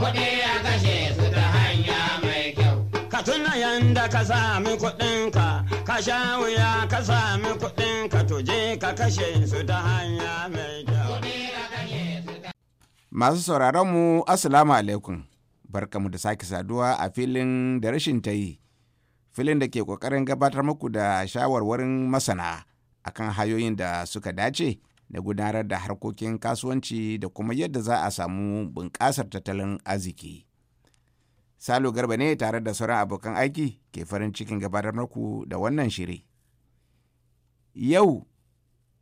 kuɗi a kashe su ta hanya mai kyau. Ka tuna yanda ka sami kuɗinka, ka sha wuya ka sami kuɗinka tuje ka kashe su ta hanya mai kyau. Masu sauraron mu Assalamu alaikum. Barkamu da sake saduwa a filin da rashin ta yi. Filin da ke ƙoƙarin gabatar muku da shawarwarin masana akan hayoyin da suka dace Na gudanar da harkokin kasuwanci da kuma yadda za a samu bunƙasar tattalin arziki. Salo Garba ne tare da sauran abokan aiki ke farin cikin gabatar muku da wannan shiri. Yau,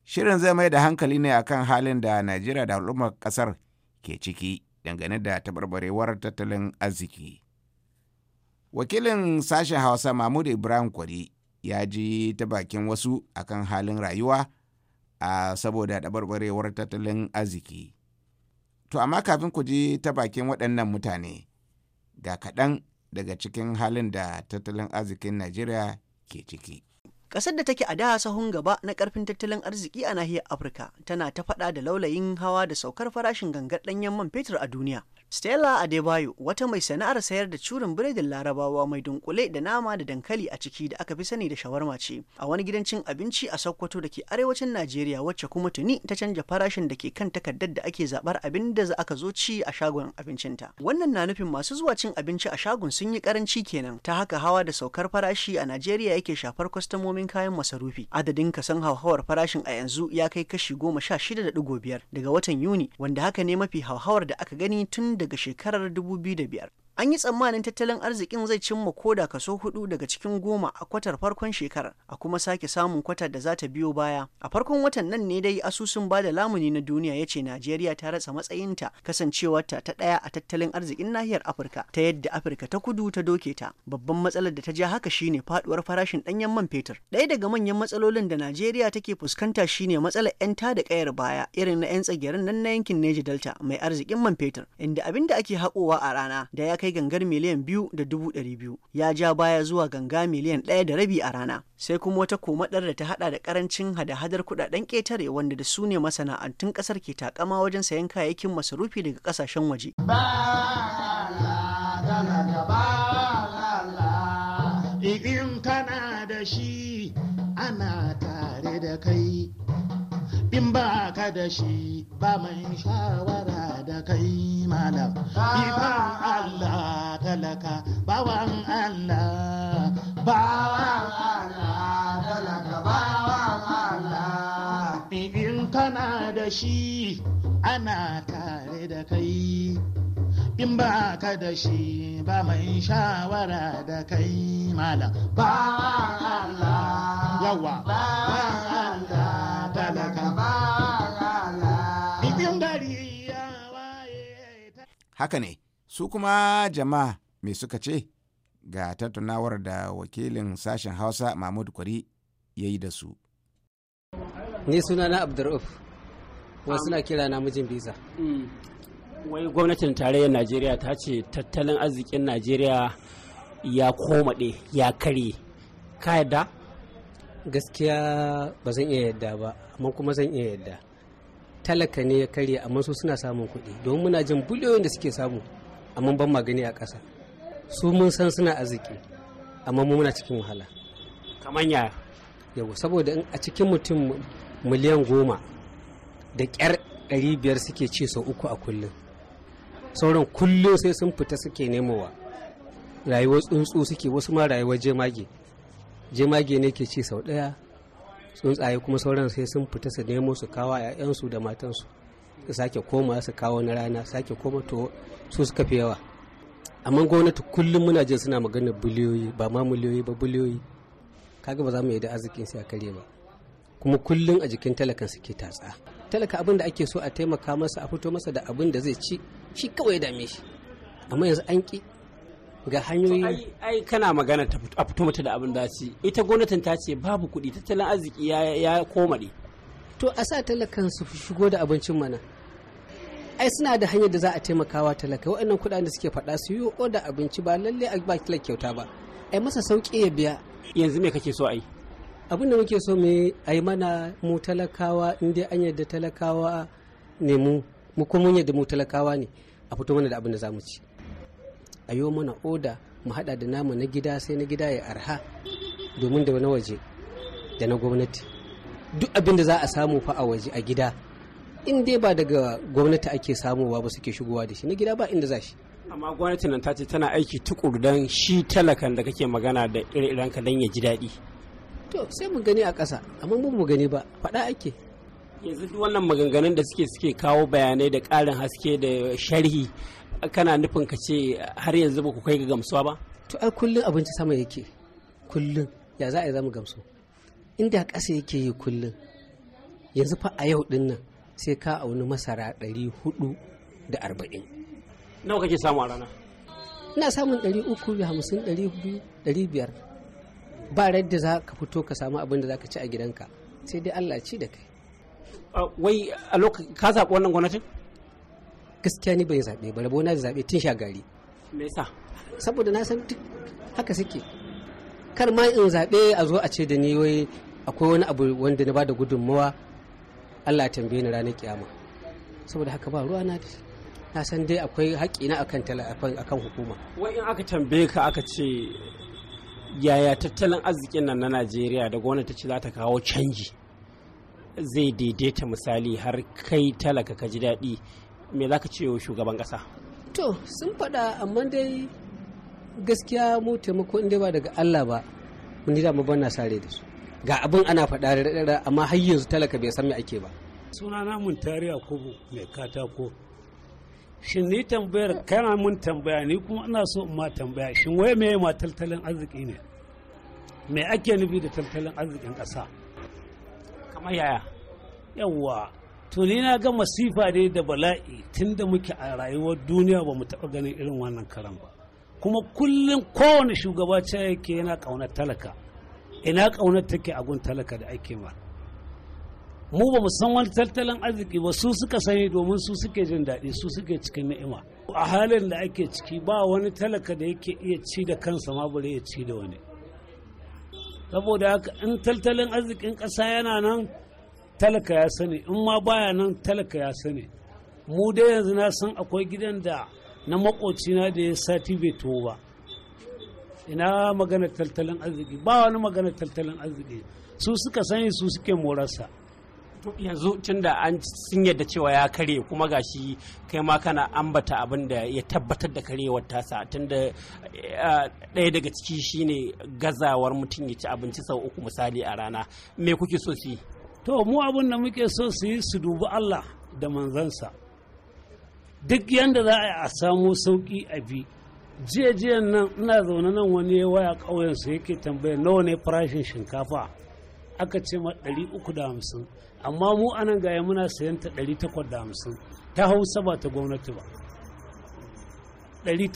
shirin zai mai da hankali ne akan halin da Najeriya da al'ummar ƙasar ke ciki dangane da tabarbarewar tattalin arziki. Wakilin sashen Hausa Mahmud Ibrahim Kwari ya ji ta bakin wasu akan halin rayuwa a saboda dabarbarewar tattalin arziki. To amma kafin ku ji ta bakin waɗannan mutane ga kaɗan daga cikin halin da tattalin arzikin Najeriya ke ciki. Ƙasar da take a da sahun gaba na ƙarfin tattalin arziki a nahiyar Afirka tana ta faɗa da laulayin hawa da saukar farashin gangar ɗanyen man fetur a duniya. Stella Adebayo wata mai sana'ar sayar da curin biredin larabawa mai dunkule da nama da dankali a ciki da aka fi sani da shawarma ce a wani gidan cin abinci a Sokoto da ke arewacin Najeriya wacce kuma tuni ta canja farashin da ke kan takardar da ake zabar abin da aka zo ci a shagon abincinta. Wannan na nufin masu zuwa cin abinci a shagon sun yi karanci kenan ta haka hawa da saukar farashi a Najeriya yake shafar kwastomomi kalmomin kayan masarufi adadin kasan hauhawar farashin a yanzu ya kai kashi goma sha shida da digo biyar daga watan yuni wanda haka ne mafi hauhawar da aka gani tun daga shekarar dubu biyu da biyar an yi tsammanin tattalin arzikin zai cimma ko da kaso hudu daga cikin goma a kwatar farkon shekarar a kuma sake samun kwatar da za ta biyo baya a farkon watan nan ne dai asusun ba da lamuni na duniya ya ce najeriya ta ratsa matsayinta kasancewarta ta daya a tattalin arzikin nahiyar afirka ta yadda afirka ta kudu ta doke ta babban matsalar da ta ja haka shine faduwar farashin danyen man fetur ɗaya daga manyan matsalolin da najeriya take fuskanta shine matsalar 'yan ta da kayar baya irin na 'yan tsagerin nan na yankin neji delta mai arzikin man fetur inda abin da ake haƙowa a rana da ya kai kai gangar miliyan biyu da dubu ɗari biyu ya ja baya zuwa ganga miliyan ɗaya da rabi a rana sai kuma wata komaɗar da ta haɗa da karancin hada-hadar kuɗaɗen ketare wanda da su ne masana'antun ƙasar ke takama wajen sayan kayayyakin masarufi daga ƙasashen waje. in kana da ana tare da kai in ba ka da shi ba mai shawara da kai malam talaka bawan Allah bawan Allah talaka bawan Allah in kana da shi ana tare da kai in ba ka da shi ba mai shawara da kai mala ba Allah yawa bawan Allah talaka ba Allah gari ya waye haka ne su kuma jama'a me suka ce ga tattaunawar da wakilin sashen hausa mahmud kwari ya yi da su ni suna na abdur'uf wasu suna kira na mijin biza mm. wai gwamnatin tarayyar najeriya ta ce tattalin arzikin najeriya ya komaɗe ya karye ka gaskiya ba zan iya yadda ba amma kuma zan iya yadda talaka ne ya karye amma su suna samun kuɗi domin muna jin buliyoyin da suke samu amma ban magani a ƙasa su mun san suna arziki amma mu muna cikin wahala kamar ya yau saboda in a cikin mutum miliyan goma da ƙyar ɗari biyar suke ci sau uku a kullum sauran kullum sai sun fita suke nemowa rayuwar tsuntsu suke wasu ma rayuwar jemage jemage ne ke ci sau ɗaya tsuntsaye kuma sauran sai sun fita su nemo su kawo 'ya'yansu da matansu su sake koma su kawo na rana sake koma to su suka fi yawa amma gwamnati kullum muna jin suna magana biliyoyi ba ma miliyoyi ba biliyoyi kaga ba za mu yi da arzikin sai a kare ba kuma kullum a jikin talakan suke tatsa talaka abin da ake so a taimaka masa a fito masa da abin da zai ci shi kawai dame shi amma yanzu an ki ga hanyoyi ai kana magana a fito mata da abin da ci ita gwamnatin ta ce babu kuɗi tattalin arziki ya ne. to a sa talakan su shigo da abincin mana ai suna da hanyar da za a taimakawa talaka waɗannan kuɗaɗen da suke faɗa su yi oda abinci ba lalle a ba kila kyauta ba ai masa sauƙi ya biya yanzu me kake so a yi abin da muke so mu a mana mu talakawa in dai an yarda talakawa ne mu mu kuma mun yarda mu talakawa ne a fito mana da abin da za mu ci a yi mana oda mu haɗa da nama na gida sai na gida ya arha domin da na waje da na gwamnati duk abin da za a samu fa a waje a gida in dai ba daga gwamnati ake samuwa ba suke shigowa da shi na gida ba inda za shi amma gwamnatin nan ta ce tana aiki tukuru don shi talakan da kake magana da irin irin ka don ya ji daɗi to sai mu gani a ƙasa amma mu gani ba faɗa ake yanzu duk wannan maganganun da suke suke kawo bayanai da ƙarin haske da sharhi kana nufin ka ce har yanzu ba ku kai ga gamsuwa ba to ai kullum abinci sama yake kullum ya za a yi zama gamsu inda ƙasa yake yi kullum yanzu fa a yau din nan sai ka auni masara ɗari hudu da arba'in nawa kake samu a rana ina samun ɗari uku da hamsin ɗari biyu ɗari biyar ba da za ka fito ka samu abin da za ka ci a gidanka sai dai allah ci da kai wai a lokaci ka zaɓi wannan gwamnatin gaskiya ni bai zaɓe ba rabo na zaɓe tun gari me yasa saboda na san duk haka suke kar ma in zaɓe a zo a ce da ni wai akwai wani abu wanda na ba da gudunmawa Allah tambaye ni ranar kiyama saboda haka ba ruwa na na san dai akwai haƙƙi na akan akan hukuma wai in aka tambaye ka aka ce yaya tattalin arzikin nan na Najeriya da gwamnati ce za ta kawo canji zai daidaita misali har kai talaka ka ji daɗi me za ka ce wa shugaban ƙasa to sun faɗa amma dai gaskiya mu taimako inda ba daga Allah ba mun ji da mu ban na sare da su ga abin ana faɗa da amma har yanzu talaka bai san me ake ba sunana mun tare a kubu mai katako shin ni tambayar kana mun tambaya ni kuma ina so in ma tambaya shin wai me ma tattalin arziki ne me ake nufi da tattalin arzikin ƙasa kamar yaya yawwa to ni na ga masifa ne da bala'i tun da muke a rayuwar duniya ba mu taɓa ganin irin wannan karan ba kuma kullum kowane shugaba ce yake yana ƙaunar talaka ina ƙaunar take a gun talaka da ake ma mu ba mu san wani tattalin arziki ba su suka sani domin su suke jin daɗi su suke cikin ni'ima a halin da ake ciki ba wani talaka da yake iya ci da kansa ma bare ya ci da wani saboda haka in tattalin arzikin ƙasa yana nan talaka ya sani in ma baya nan talaka ya sani mu dai yanzu na san akwai gidan da na makocina da ya sati bai tuwo ba ina maganar tattalin arziki ba wani maganar tattalin arziki su suka sani su suke morarsa yanzu tun da an sun yadda cewa ya kare kuma gashi kai ma kana ambata abin da ya tabbatar da karewar tasa tun da eh, ɗaya daga ciki shine gazawar mutum ya ci abinci sau uku misali a rana me kuke so su yi to mu abin da muke so su yi su dubi allah da manzansa duk yadda za a a samu sauƙi a bi jiya jiyan nan ina zaune nan wani ya waya ƙauyensu yake tambaya nawa ne farashin shinkafa aka ce ma ɗari amma mu anan gaya muna sayan ta ɗari ta hausa ba ta gwamnati ba ɗari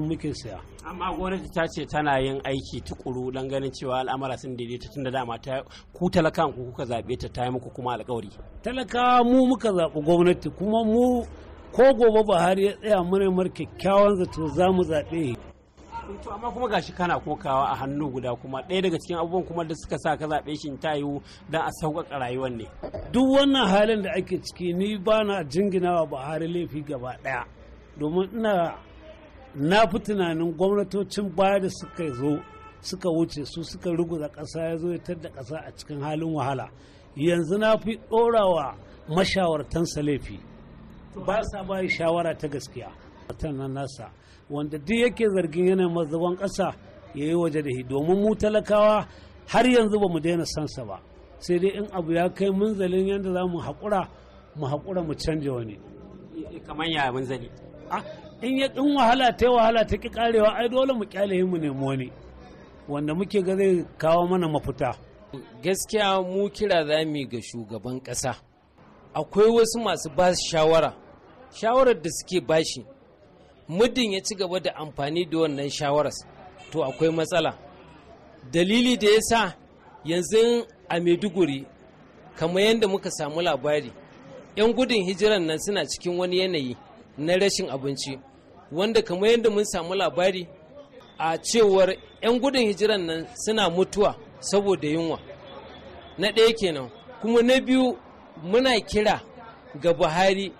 muke saya amma gwamnati ta ce tana yin aiki tukuru don ganin cewa al'amara sun daidaita tun da dama ta ku talakan ku kuka zaɓe ta ta yi muku kuma alƙawari talakawa mu muka zaɓi gwamnati kuma mu ko gobe buhari ya tsaya mana mar kyakkyawan zato za mu zaɓe to amma kuma gashi kana kokawa a hannu guda kuma ɗaya daga cikin abubuwan kuma da suka sa ka zaɓe shi ta yiwu don a sauƙaƙa rayuwar ne duk wannan halin da ake ciki ni ba na jinginawa buhari laifi gaba ɗaya domin ina na fi tunanin gwamnatocin baya da suka zo suka wuce su suka ruguza ƙasa ya zo ya da ƙasa a cikin halin wahala yanzu na fi ɗorawa mashawartansa laifi ba sa ba shawara ta gaskiya watan nan nasa wanda duk yake zargin yana mazaban ƙasa ya yi waje da shi domin mu talakawa har yanzu ba mu daina sansa ba sai dai in abu ya kai munzalin yadda za mu haƙura mu haƙura mu canja wani in ya ɗin wahala ta wahala ta ƙi ƙarewa ai dole mu kyale mu nemi wani wanda muke ga zai kawo mana mafita gaskiya mu kira za ga shugaban ƙasa akwai wasu masu ba shawara shawarar da suke bashi muddin ya ci gaba da amfani da wannan shawarar to akwai matsala dalili da ya sa yanzu a maiduguri kamar yadda muka samu labari 'yan gudun hijiran nan suna cikin wani yanayi na rashin abinci wanda kamar yadda mun samu labari a cewar 'yan gudun hijiran nan suna mutuwa saboda yunwa na ɗaya kenan kuma na biyu muna kira ga buhari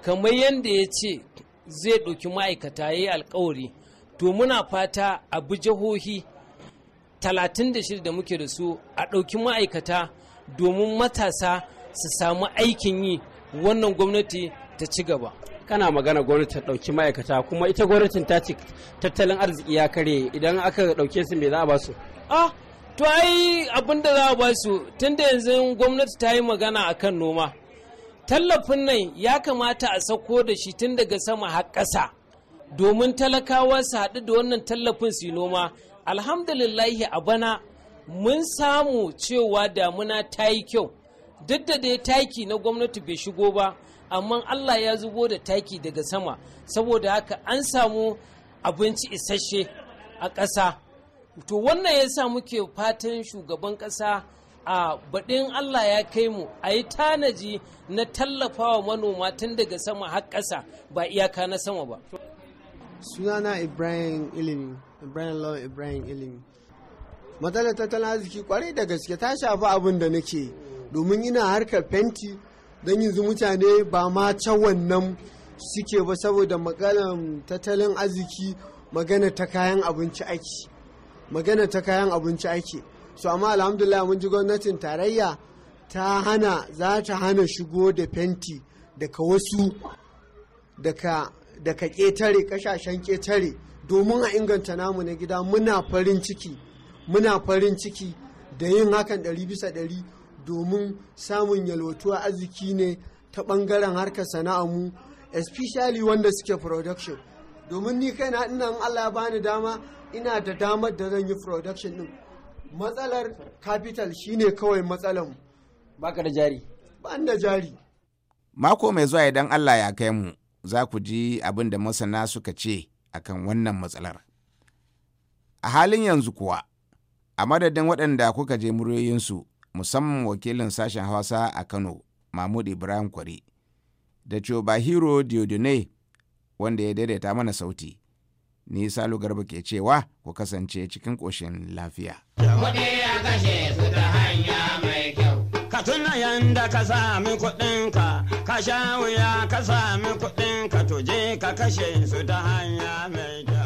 kamar yadda ya ce zai ɗauki ma'aikata ya yi alkawari to muna fata a bi jihohi 36 da muke da su a ɗauki ma'aikata domin matasa su samu aikin yi wannan gwamnati ta ci gaba kana magana gwamnati ta ɗauki ma'aikata kuma ita gwamnatin ta ci tattalin arziki ya kare idan aka ɗauke su me za a ba su ah to ai abin da za a ba su tunda yanzu gwamnati ta yi magana akan noma tallafin nan ya kamata a sauko da shi tun daga sama har ƙasa domin talakawa su haɗu da wannan tallafin su yi noma alhamdulillahi a bana mun samu cewa damuna ta yi kyau duk da dai taki na gwamnati bai shigo ba amma allah ya zubo da taki daga sama saboda haka an samu abinci isasshe a ƙasa to wannan ya sa muke fatan shugaban ƙasa a baɗin Allah ya kai mu a yi tanaji na tallafawa manoma tun daga sama har ƙasa ba iyaka na sama ba. Sunana Ibrahim Ilimi, Ibrahim Law Ibrahim Ilimi. Matsalar tattalin arziki kwarai da gaske ta shafi abin da nake domin ina harkar fenti don yanzu mutane ba ma can wannan suke ba saboda maganar tattalin arziki Magana ta kayan abinci ake. su amma alhamdulillah mun ji gwamnatin tarayya ta hana za ta hana shigo da fenti daga wasu daga ƙetare kashashen ƙetare domin a inganta namu na gida muna farin ciki muna farin ciki da yin hakan ɗari bisa ɗari domin samun yalwatuwa arziki ne ta ɓangaren harkar sana'amu especially wanda suke production domin ni kaina ina Allah ya bani dama ina da damar da zan yi production din. matsalar capital shine kawai matsalar baka da jari ba da jari mako mai zuwa idan Allah ya kai mu za ku ji abin da masana suka ce akan wannan matsalar a halin yanzu kuwa a madadin waɗanda kuka je muryoyinsu musamman wakilin sashen hausa a kano mahmud ibrahim kwari da Chobahiro Diodone wanda ya daidaita mana sauti. ni salo garba ke cewa ku kasance cikin ƙoshin lafiya. Kuɗi Ka tuna yanda ka sami kuɗinka, ka sha wuya ka kuɗinka tuje ka kashe su ta hanya mai kyau.